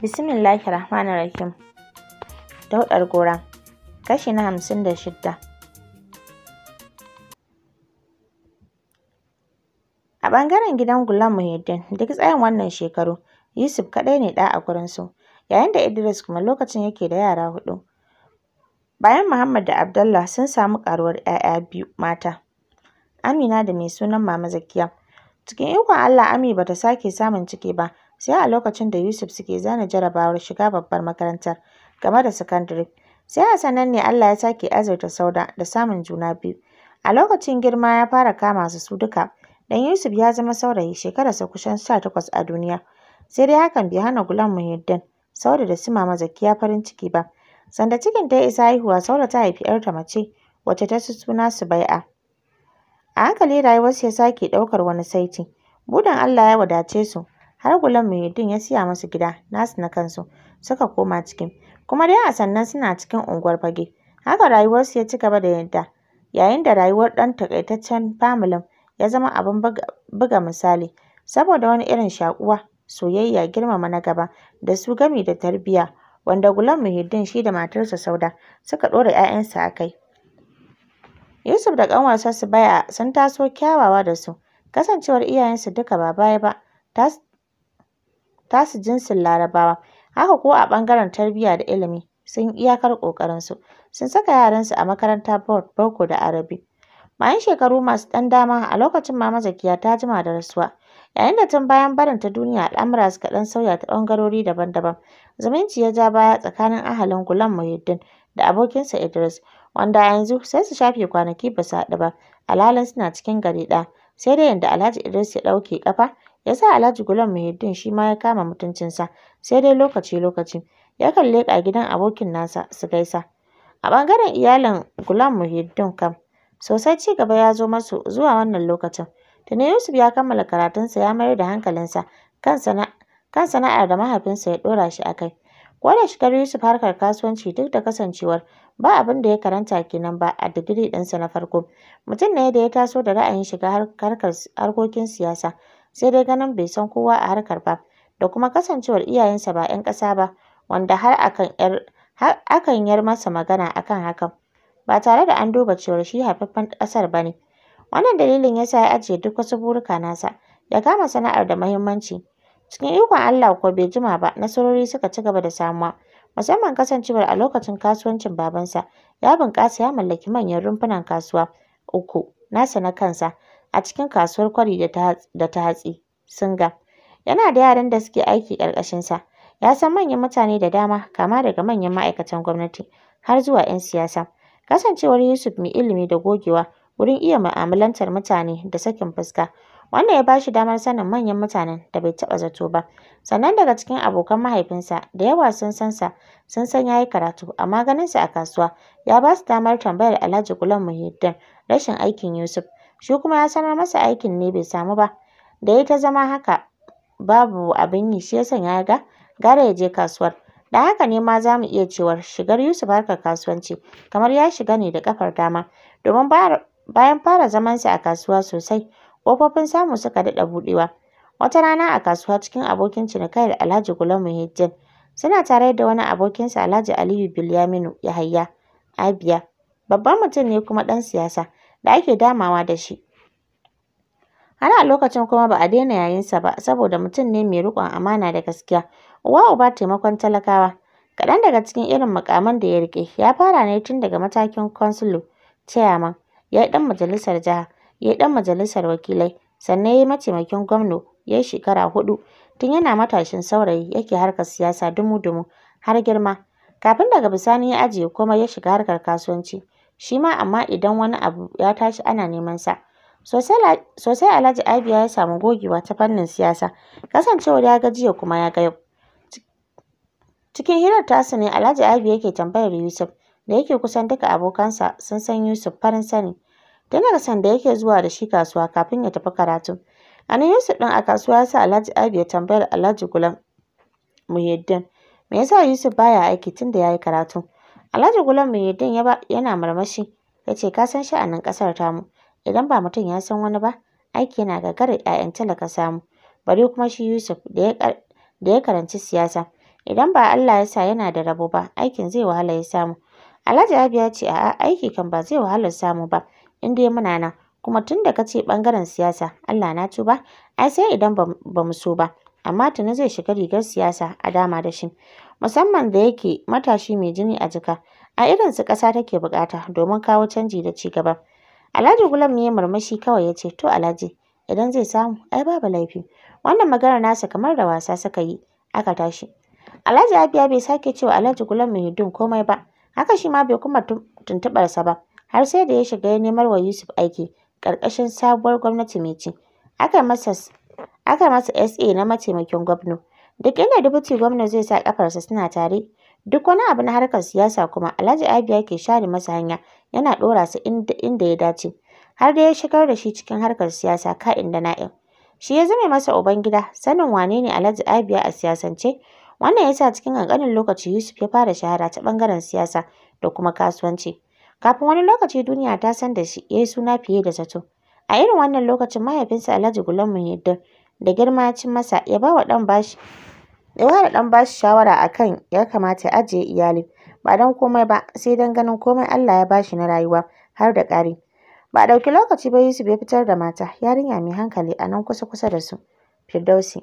Bismillahi Rahmanir Rahim. Daudar gora. Kashi na hamsin da shidda. A ɓangaren gidan Gulam Muhyiddin, duk tsayin wannan shekaru, Yusuf kaɗai ne ɗa a gurinsu, yayin da Idris kuma lokacin yake da yara hudu. Bayan Muhammad da Abdullah sun samu ƙaruwar ‘ya'ya biyu mata, Amina da mai sunan Mama Zakiya. Cikin ikon Allah Ami bata sake samun ciki ba, sai a lokacin da Yusuf suke zana jarabawar shiga babbar makarantar game da sakandare. Sai a sanan ne Allah ya sake azurta Sauda da samun juna biyu. A lokacin girma ya fara kama su su duka. Dan Yusuf ya zama saurayi shekararsa kusan sa takwas a duniya. Sai dai hakan bai hana gulan muhiddin Sauda da su Mama Zakiya farin ciki ba. Sanda cikin ta isa haihuwa Sauda ta haifi 'yarta mace wacce ta su suna su bai'a. A hankali rayuwarsu ya sake ɗaukar wani saiti. Budan Allah ya wadace su. har Gulam Muhiddin ya siya masu gida nasu na kansu suka koma cikin. Kuma dai a sannan suna cikin unguwar fage. Haka rayuwarsu ya ci gaba da yadda. Yayin da rayuwar ɗan taƙaitaccen famulin ya zama abin buga misali saboda wani irin shaƙuwa, soyayya, girmama na gaba da su gami da tarbiyya wanda Gulam Muhiddin shi da matarsa Sauda suka ɗora 'ya'yansa a kai. Yusuf da ƙanwarsa baya sun taso kyawawa da su, kasancewar iyayensu duka ba baya ba, tasu jinsin Larabawa. Haka ko a ɓangaren tarbiyya da ilimi sun yi iyakar ƙoƙarinsu. Sun saka yaransu a makaranta boko da Arabi. Bayan shekaru masu ɗan dama a lokacin Mama Zakiya ta jima da rasuwa. Yayin da tun bayan barin ta duniya al'amura suka ɗan sauya ta ɓangarori daban-daban. Zumunci ya ja baya tsakanin ahalin Gulam Muhiddin da abokinsa Idris wanda yanzu sai su shafe kwanaki ba su haɗu ba alhalin suna cikin gari ɗaya. Sai dai yanda Alhaji Idris ya ɗauke ƙafa Ya sa Alhaji Gulam Muhiddin shi ma ya kama mutuncinsa, sai dai lokaci-lokaci. Yakan leƙa gidan abokin nasa su gaisa. A ɓangaren iyalin Gulam Muhiddin kam, sosai ci gaba ya zo masu zuwa wannan lokacin. Tuni Yusuf ya kammala karatunsa ya mayar da hankalinsa kan sana'ar da mahaifinsa ya ɗora shi a kai. Ko da shigar Yusuf harkar kasuwanci duk da kasancewar ba abin da ya karanta kenan ba a digiri ɗinsa na farko. Mutum ne da ya taso da ra'ayin shiga harkokin siyasa sai dai ganin bai san kowa a harkar ba da kuma kasancewar iyayensa ba 'yan ƙasa ba wanda har akan yar masa magana akan hakan ba tare da an duba cewar shi haifaffen ƙasar ba ne. Wannan dalilin ya sa ya ajiye duk wasu burika nasa ya kama sana'ar da muhimmanci. Cikin ikon Allah ko bai jima ba nasarori suka ci gaba da samuwa musamman kasancewar a lokacin kasuwancin babansa ya bunƙasa ya mallaki manyan rumfunan kasuwa uku nasa na kansa a cikin kasuwar kwari da ta hatsi singa yana da yaran da suke aiki ƙarƙashinsa ya san manyan mutane da dama kama daga manyan ma'aikatan gwamnati har zuwa 'yan siyasa kasancewar Yusuf mai ilimi da gogewa wurin iya mu'amalantar mutane da sakin fuska wannan ya bashi damar sanin manyan mutanen da bai taɓa zato ba sannan daga cikin abokan mahaifinsa da yawa sun san sa sun san yayi karatu amma ganin sa a kasuwa ya ba su damar tambayar Alhaji Gulam Muhyiddin rashin aikin Yusuf shi kuma ya sanar masa aikin ne bai samu ba da ya ta zama haka babu abin yi shi yasan sanya ya ga gara ya je kasuwar da haka ne ma za mu iya cewar shigar Yusuf harkar kasuwanci kamar ya shiga ne da kafar dama domin bayan fara zamansa a kasuwa sosai ƙofofin samu suka daɗa buɗewa wata rana a kasuwa cikin abokin cinikayyar Alhaji Gulam Muhijjin suna tare da wani abokinsa Alhaji Aliyu Bilyaminu Yahaya Abia babban mutum ne kuma ɗan siyasa da ake damawa da shi. Har a lokacin kuma ba a daina yayinsa ba saboda mutum ne mai riƙon amana da gaskiya, uwa uba taimakon talakawa. Kaɗan daga cikin irin muƙaman da ya riƙe ya fara ne tun daga matakin Consulo, Chairman, ya yi ɗan majalisar jiha, ya yi ɗan majalisar wakilai, sannan ya yi mataimakin gwamna ya yi shekara hudu, Tun yana matashin saurayi yake harkar siyasa dumu-dumu har girma. Kafin daga bisani ya ajiye kuma ya shiga harkar kasuwanci. shi ma amma idan wani abu ya tashi ana neman sa. Sosai Alhaji Abia ya samu gogewa ta fannin siyasa, kasancewa ya ga jiya kuma ya ga yau. Cikin hirar tasu ne Alhaji Abia yake tambayar Yusuf da yake kusan duka abokansa sun san Yusuf farin sani. Tun da sanda yake zuwa da shi kasuwa kafin ya tafi karatu. ana Yusuf ɗin a kasuwa ya sa Alhaji Abia tambayar Alhaji Gulam Muhyiddin me yasa Yusuf baya aiki tunda ya yi karatu. Alhaji Gulam Muyuddin yana murmushi ya ce ka san sha'anin ƙasar tamu idan ba mutum ya san wani ba aiki yana gagarar 'ya'yan talaka samu bari kuma shi Yusuf da ya karanci siyasa idan ba Allah ya sa yana da rabo ba aikin zai wahala ya samu. Alhaji abi ya ce a'a aiki kan ba zai wahala samu ba in dai muna nan kuma tun da ka ce siyasa Allah na tuba ai sai idan ba mu so ba. amma tuni zai shiga rigar siyasa a dama da shi musamman da yake matashi mai jini a jika a irin su ƙasa take bukata domin kawo canji da ci gaba. Alhaji Gulam ne ya murmushi kawai ya ce to Alhaji idan zai samu ai babu laifi wannan maganar nasa kamar da wasa suka yi aka tashi. Alhaji Abia bai sake cewa Alhaji Gulam Muhiddin komai ba haka shi ma bai kuma tuntuɓarsa ba har sai da ya shiga ya nemar wa Yusuf aiki ƙarƙashin sabuwar gwamnati mai ci. Aka masa aka masa SA na mataimakin gwamna. Duk inda dubuti gwamna zai sa kafarsa suna tare. Duk wani abu na harkar siyasa kuma Alhaji Abia ke share masa hanya yana ɗora su inda ya dace. Har dai ya shigar da shi cikin harkar siyasa ka'in da na'in. Shi ya zame masa ubangida sanin wane ne Alhaji Abia a siyasance. Wannan ya sa cikin kankanin lokaci Yusuf ya fara shahara ta bangaren siyasa da kuma kasuwanci. Kafin wani lokaci duniya ta san da shi ya yi suna fiye da zato. A irin wannan lokacin mahaifinsa Alhaji Gulam Muhyiddin da girma ya ci masa ya ba wa ɗan bashi shawara a kan ya kamata ya ajiye iyali ba don komai ba sai don ganin komai Allah ya ba shi na rayuwa har da ƙari. Ba a ɗauki lokaci ba Yusuf ya fitar da mata, yarinya mai hankali a nan kusa-kusa da su, Firdausi.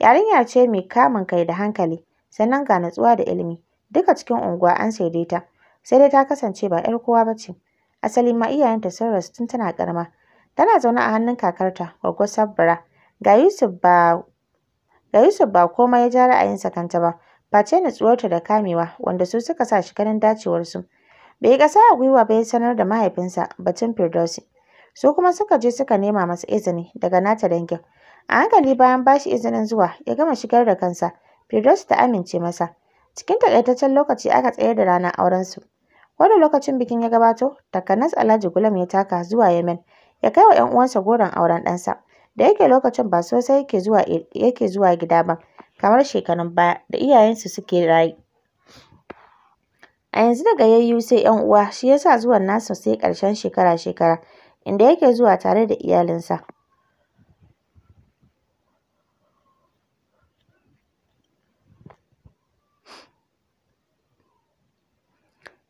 Yarinya ce mai kamun kai da hankali, sannan ga natsuwa da ilimi. Duka cikin unguwa an saide ta, sai dai ta kasance ba ‘yar kowa ba ce. Asali ma iyayenta sun rasu tun tana ƙarama, Tana zaune a hannun kakarta, Gwaggo Sabra. Ga Yusuf ba komai ya ja ra'ayinsa kanta ba, face tsuwarta da kamewa, wanda su suka sa shi ganin dacewarsu. Bai yi ƙasa a gwiwa ba ya sanar da mahaifinsa batun Firdausi. Su kuma suka je suka nema masa izini daga nata dangin. A hankali bayan ba shi izinin zuwa, ya gama shigar da kansa. Firdausi ta amince masa. Cikin takaitaccen lokaci aka tsayar da ranar aurensu. Ko da lokacin bikin ya gabato, takanas Alhaji Gulam ya taka zuwa Yemen ya kai wa 'yan uwansa goron auren ɗansa. Da yake lokacin ba sosai yake zuwa zuwa gida ba kamar shekarun baya da iyayensu suke rayu. A yanzu daga yayyu sai 'yan uwa shi ya sa zuwan nasa sai ƙarshen shekara-shekara inda yake zuwa tare da iyalinsa.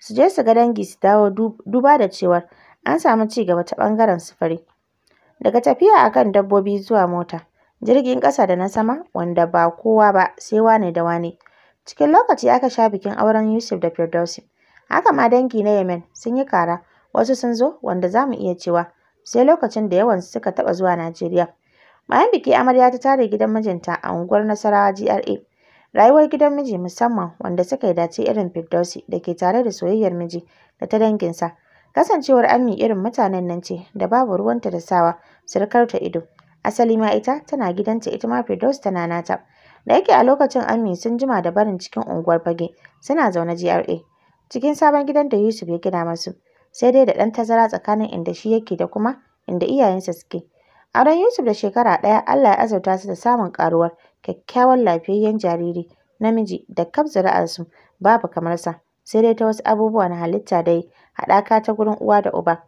su je su ga dangi su dawo duba da cewar an samu ci gaba ta ɓangaren sufuri. Daga tafiya akan dabbobi zuwa mota, jirgin ƙasa da na sama wanda ba kowa ba sai wane da wane. Cikin lokaci aka sha bikin auren Yusuf da Firdausi. Haka ma dangi na Yemen sun yi kara, wasu sun zo wanda za mu iya cewa sai lokacin da yawansu suka taɓa zuwa Najeriya. Bayan biki amarya ta tare gidan mijinta a unguwar Nasarawa GRA. Rayuwar gidan miji musamman wanda suka yi dace irin Firdausi da ke tare da soyayyar miji da ta danginsa Kasancewar Ammi irin mutanen nan ce da babu ruwanta da sawa surukarta ido. Asali ma ita tana gidanta ita ma Firdaus tana nata. Da yake a lokacin Amin sun jima da barin cikin unguwar fage, suna zaune GRA. Cikin sabon gidan da Yusuf ya gina masu sai dai da ɗan tazara tsakanin inda shi yake da kuma inda iyayensa suke. Auren Yusuf da shekara ɗaya Allah ya azurta su da samun ƙaruwar kyakkyawan lafiyayyen jariri namiji da kaf zuri'arsu babu kamar sa. sai dai ta wasu abubuwa na halitta dai haɗaka ta gurin uwa da uba.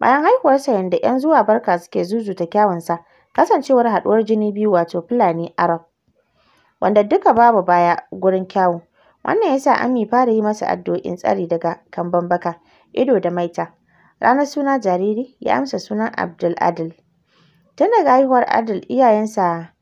Bayan haihuwarsa yanda 'yan zuwa barka suke zuzuta kyawunsa, kasancewar haɗuwar jini biyu wato Fulani Arab, wanda duka babu baya gurin kyawu. Wannan ya sa Ami fara yi masa addu'o'in tsari daga kamban baka, ido da maita. Ranar suna jariri ya amsa sunan Abdul Adil. Tun daga haihuwar Adil iyayensa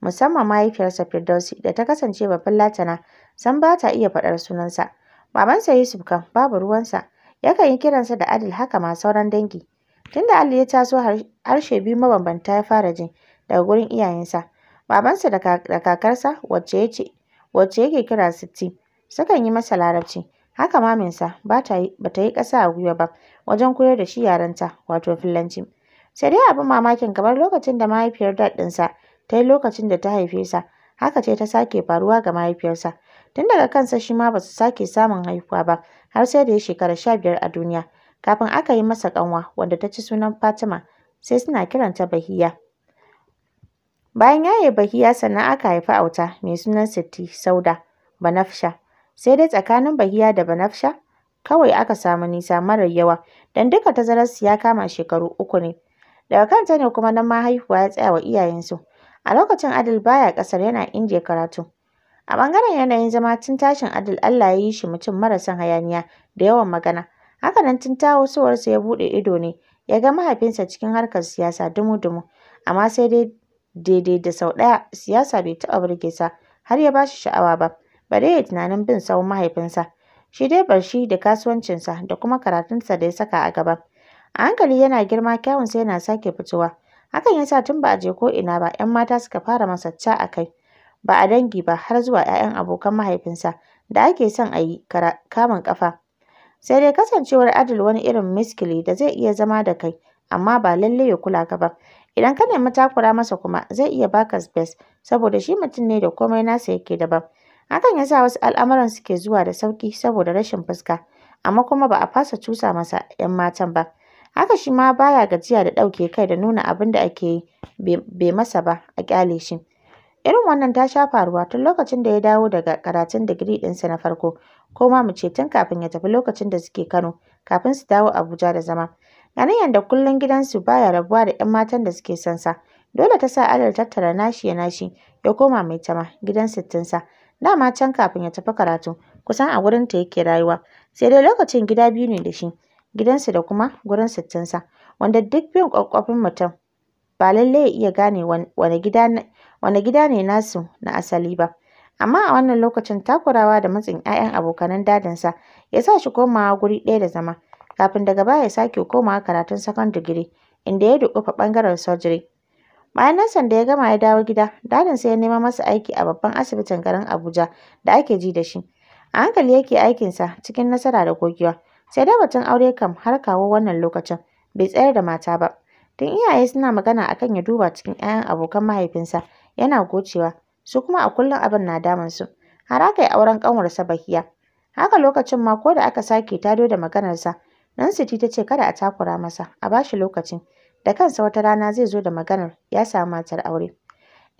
musamman mahaifiyarsa Firdausi da ta kasance babban latana san ba ta iya faɗar sunansa. Babansa Yusuf kan babu ruwansa, yakan yi kiransa da Adil haka ma sauran dangi. Tunda Ali ya taso harshe biyu mabambanta ya fara jin daga gurin iyayensa, babansa da kakarsa wacce ya ce wacce yake kira Sitti, sukan yi masa larabci. Haka maminsa ba ta yi ƙasa a gwiwa ba wajen koyar da shi yaranta wato Fulanci. Sai dai abin mamakin kamar lokacin da mahaifiyar dad ɗinsa ta yi lokacin da ta haife sa, haka ce ta sake faruwa ga mahaifiyarsa. Tun daga kansa shi ma ba su sake samun haihuwa ba har sai da ya shekara sha biyar a duniya, kafin aka yi masa ƙanwa wanda ta ci sunan Fatima, sai suna kiranta bahiya. Bayan yaye bahiya sannan aka haifi Auta mai sunan Sitti Sauda Banafsha. Sai dai tsakanin bahiya da Banafsha kawai aka samu nisa mara yawa don duka tazararsu ya kama shekaru uku ne. Daga kanta ne kuma nan ma haihuwa ya tsaya wa iyayensu. A lokacin Adil baya kasar, yana inje karatu. A ɓangaren yanayin zama tun tashin adil Allah ya yi shi mutum mara hayaniya da yawan magana. Haka nan tun wasuwarsa ya buɗe ido ne ya ga mahaifinsa cikin harkar siyasa dumu-dumu, amma sai dai daidai da sau ɗaya siyasa bai taɓa burge sa har ya ba shi sha'awa ba, dai ya yi tunanin bin sawun mahaifinsa. Shi dai bar shi da kasuwancinsa da kuma karatunsa da ya saka a gaba. A hankali yana girma kyawunsa yana sake fitowa. Hakan ya sa tun ba a je ko'ina ba ‘yan mata suka fara masa ca a kai. ba a dangi ba har zuwa 'ya'yan abokan mahaifinsa da ake son a yi kamun ƙafa. Sai dai kasancewar Adil wani irin miskili da zai iya zama da kai amma ba lallai ya kula ka ba. Idan ka nemi takura masa kuma zai iya baka space saboda shi mutum ne da komai nasa yake daban. Hakan ya sa wasu al'amuran suke zuwa da sauƙi saboda rashin fuska amma kuma ba a fasa cusa masa 'yan matan ba. Haka shi ma baya gajiya da ɗauke kai da nuna abin da ake yi bai masa ba a ƙyale shi. Irin wannan ta sha faruwa tun lokacin da ya dawo daga karatun digiri ɗinsa na farko, ko ma mu ce tun kafin ya tafi lokacin da suke Kano, kafin su dawo Abuja da zama. Ganin yadda kullum gidansu ba ya rabuwa da ‘yan matan da suke son sa, dole ta sa adal tattara nashi ya nashi, ya koma mai tama gidan sittinsa. Dama can kafin ya tafi karatu, kusan a gurinta yake rayuwa, sai dai lokacin gida biyu ne da shi, gidansu da kuma gurin sittinsa, wanda duk bin ƙwaƙƙwafin mutum ba lallai ya iya gane wane gida ne nasu na asali ba. Amma a wannan lokacin takurawa da matsin 'ya'yan abokanan dadinsa ya sa shi komawa guri ɗaya da zama, kafin daga baya ya sake komawa karatun sakon digiri, inda ya duƙufa ɓangaren sojiri. Bayan nan da ya gama ya dawo gida, dadinsa ya nemo masa aiki a babban asibitin garin Abuja da ake ji da shi. A hankali yake aikinsa cikin nasara da gogewa, sai da batun aure kam har kawo wannan lokacin bai tsayar da mata ba. Tun iyaye suna magana akan ya duba cikin 'ya'yan abokan mahaifinsa, yana gocewa, su kuma a kullum abin na su. Har aka yi auren ƙanwarsa Bahiya. Haka lokacin ma ko da aka sake tado da maganarsa, siti ta ce kada a takura masa, a bashi shi lokaci. Da kansa wata rana zai zo da maganar ya samu matar aure.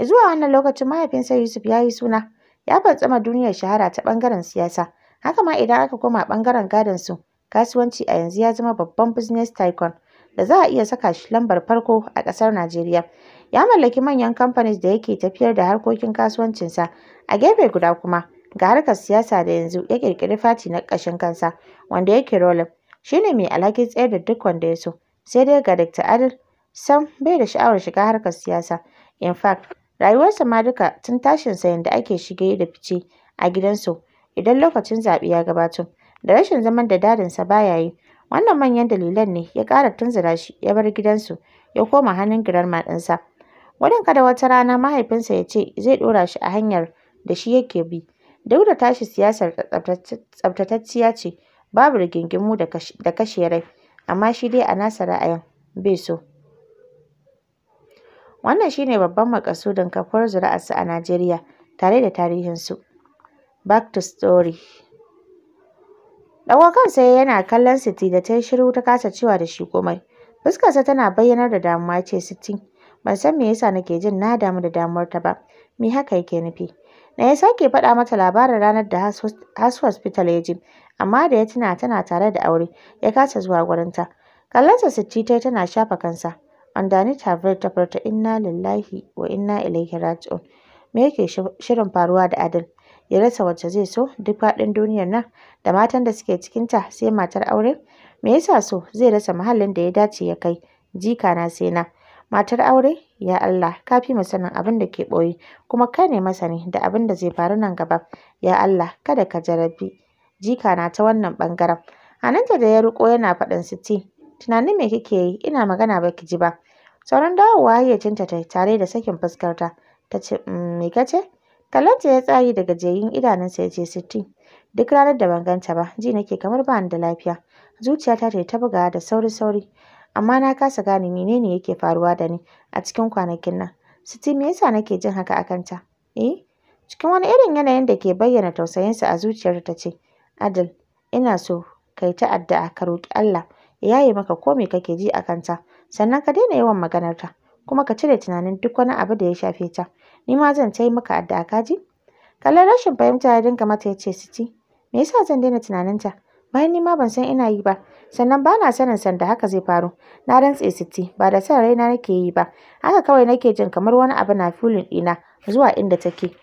Zuwa wannan lokacin mahaifinsa Yusuf ya yi suna, ya fantsama duniyar shahara ta ɓangaren siyasa. Haka ma idan aka koma ɓangaren gadon su, kasuwanci a yanzu ya zama babban business tycoon. da za a iya saka shi lambar farko a ƙasar Najeriya. Ya mallaki manyan kamfanin da yake tafiyar da harkokin kasuwancinsa. A gefe guda kuma, ga harkar siyasa da yanzu ya ƙirƙiri fati na ƙashin kansa, wanda yake rolin. Shi ne mai alhakin tsayar da duk wanda ya so. Sai dai ga Dr. Adil, sam bai da sha'awar shiga harkar siyasa. In fact, rayuwarsa ma duka tun sa yanda ake shige da fice a gidansu idan lokacin zaɓe ya gabato. Da rashin zaman da dadinsa baya yi, Wannan manyan dalilan ne ya ƙara tunzura shi ya bar gidansu ya koma hannun girarma ɗinsa. Gudun kada wata rana mahaifinsa ya ce zai ɗora shi a hanyar da shi yake bi. Duk da tashi siyasar tsaftatacciya ce, babu rigingimu da kashe rai, amma shi dai a nasa ra'ayin bai so. Wannan shi ne babban maƙasudin kafuwar zuri'arsu a Najeriya tare da tarihinsu. Back to story. Dawo kan sai yana kallon Siti da ta shiru ta kasa cewa da shi komai. Fuskarsa tana bayyanar da damuwa ce Siti, ban san me yasa nake jin na damu da damuwar ta ba. Me haka yake nufi? Na ya sake faɗa mata labarin ranar da Has Hospital ya ji. amma da ya tuna tana tare da aure, ya kasa zuwa ta. Kallonsa Siti ta tana shafa kansa. Andani Tavir ta furta inna lillahi wa inna ilaihi raji'un. Me yake shirin faruwa da Adil? ya rasa wacce zai so duk faɗin duniyar nan da matan da suke cikinta sai matar aure me yasa so zai rasa mahallin da ya dace ya kai jika na sai na matar aure ya Allah ka fi mu sanin abin da ke ɓoye kuma kai ne masani da abin da zai faru nan gaba ya Allah kada ka jarabi jika na ta wannan ɓangaren Ananta da ya riko yana faɗin siti tunanin me kike yi ina magana ba ki ji ba sauran dawowa ya hayyacinta tare da sakin fuskarta ta ce mm, me kace Kallonta ya tsari da gajiyayyun idanunsa ya ce Siti, duk ranar da ban ganta ba, ji nake kamar ba ni da lafiya. Zuciyata ta ta bugawa da sauri-sauri, amma na kasa gane menene yake faruwa da ni a cikin kwanakin nan. Siti, me yasa nake jin haka a kanta? Eh, cikin wani irin yanayin da ke bayyana tausayinsa a zuciyar ta ce, Adil, ina so kai ta addu'a ka roƙi Allah ya yaye maka ko me kake ji a kanta, sannan ka daina yawan maganarta. kuma ka cire tunanin duk wani abu da ya shafe ta. Ni ma zan ta maka addu'a ka ji? Kallon rashin fahimta ya dinga mata ya ce Siti, me yasa zan daina tunaninta? Bayan ni ma ban san ina yi ba, sannan ba na sanin da haka zai faru. Na rantse Siti, ba da san raina nake yi ba. Haka kawai nake jin kamar wani abu na filin ɗina zuwa inda take.